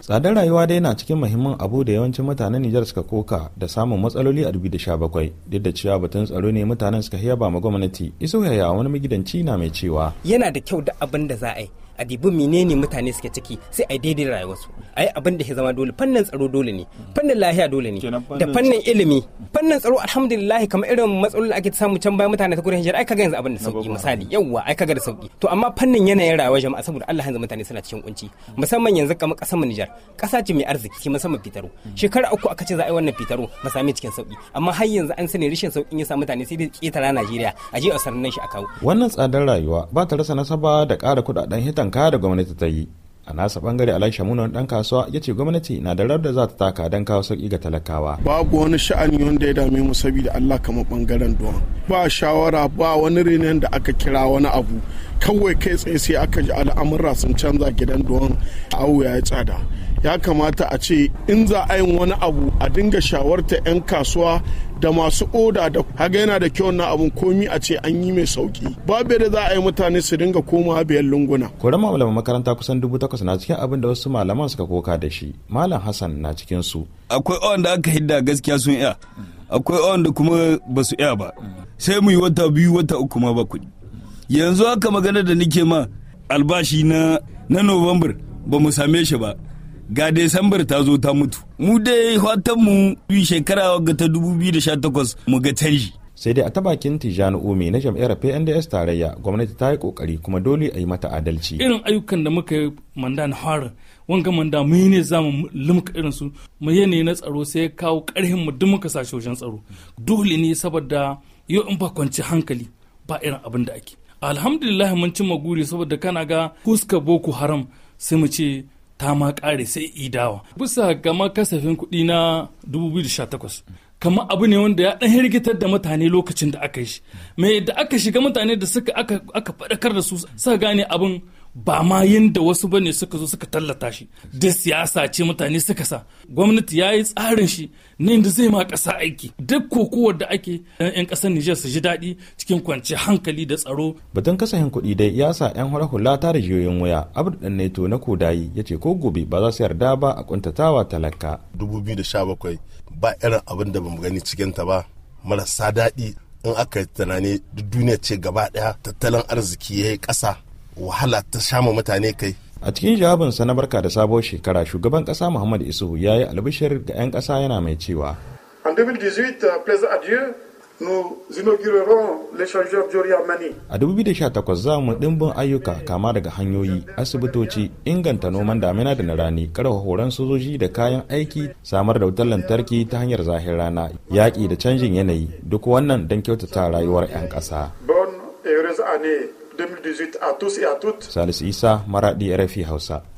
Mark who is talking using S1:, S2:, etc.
S1: tsadar rayuwa dai na cikin muhimmin abu da yawancin mutanen nijar suka koka da samun matsaloli a 2017 duk da cewa batun tsaro ne mutanen suka hiyaba ma gwamnati iso yaya wani magidanci na mai cewa
S2: yana da kyau da abin da za a yi a dibi menene mutane suke ciki sai a daidai rayuwarsu a yi abin da ya zama dole fannin tsaro dole ne fannin lahiya dole ne da fannin ilimi fannin tsaro alhamdulillah kamar irin matsalolin ake samu can bayan mutane ta gudun hijira ai kaga yanzu abin da sauki misali yawwa ai kaga da sauki to amma fannin yanayin rayuwar jama'a saboda Allah yanzu mutane suna cikin kunci musamman yanzu kamar kasar mu Nijar kasa ce mai arziki musamman fitaro shekara uku aka ce za a yi wannan fitaro ba sami cikin sauki amma har yanzu an sani rashin saukin ya sa mutane sai dai ketara Najeriya a je a sarnan shi a kawo
S1: wannan tsadar rayuwa ba ta rasa nasaba da ƙara kuɗaɗen hitan tanka da gwamnati ta yi a nasa bangare alhaji shamuna dan kasuwa ya ce gwamnati na da rar da za ta taka dan kawo sauki ga talakawa
S3: babu wani sha'ani wanda ya dame mu saboda allah kamar bangaren duwan ba shawara ba wani renen da aka kira wani abu kawai kai tsaye sai aka ji al'amura sun canza gidan duwan awo ya yi tsada ya kamata a ce in za a yin wani abu a dinga shawarta 'yan kasuwa da masu oda da haga yana da kyau na abun komi a ce an yi mai sauki babu da za a yi mutane su dinga komawa biyan lunguna
S1: kuran malaman makaranta kusan dubu takwas na cikin abin da wasu malaman suka koka da shi malam hassan na cikin su
S2: akwai wanda aka hidda gaskiya sun iya akwai wanda kuma ba su iya ba sai mu yi wata biyu wata uku ma ba kuɗi yanzu haka magana da nake ma albashi na na november ba mu same shi ba ga Desambar ta zo ta mutu. Mu dai mu yi shekara ga ta 2018 mu ga canji.
S1: Sai dai a ta bakin tijjani omi na jam'iyyar PNDS tarayya gwamnati ta yi kokari kuma dole a yi mata adalci.
S4: Irin ayyukan da muka yi manda na fara wanga manda mu ne za mu irin su mu yi ne na tsaro sai kawo karhin mu duk muka sashi wajen tsaro. Dole ne saboda yau in ba kwanci hankali ba irin abin da ake. Alhamdulillah mun cimma guri saboda kana ga kuska Boko Haram sai mu ce ta ma kare sai idawa bisa gama kasafin kuɗi na 2018 kamar abu ne wanda ya ɗan hirgitar da mutane lokacin da aka yi shi mai da aka shiga mutane da suka aka faɗakar da su sa gane abin ba ma yadda wasu ba ne suka zo suka tallata shi duk siyasa ce mutane suka sa gwamnati ya yi tsarin shi ne da zai ma ƙasa aiki duk kokowar da ake yan eh, ƙasar Nijar su ji daɗi cikin kwanci hankali da tsaro.
S1: Batun kasahin kuɗi dai ya sa yan hula hula ta rijiyoyin waya abu Dan Neto na Kodayi ya ce ko gobe ba za su yarda ba a kuntatawa talaka.
S3: 2017 ba irin abin da bamu gani cikin ta ba marasa daɗi in aka yi tunani duk duniya ce gaba ɗaya tattalin arziki ya yi ƙasa wahala ta shama mutane kai
S1: a cikin sa na barka da sabuwar shekara shugaban kasa muhammad isuhu ya yi albishir ga 'yan kasa yana mai cewa
S3: en 2018 euh, plaisir à dieu nous inaugurerons l'échangeur Mani.
S1: A 2018 za mu ɗimbin ayyuka kama daga hanyoyi, asibitoci, inganta noman damina da na rani, karfa horon sojoji da kayan aiki, samar da wutar lantarki ta hanyar zahir rana, yaƙi da canjin yanayi, duk wannan don kyautata rayuwar 'yan ƙasa.
S3: Bonne heureuse année 2018 à tous et à toutes.
S1: Salisu Isa, Maradi RFI Hausa.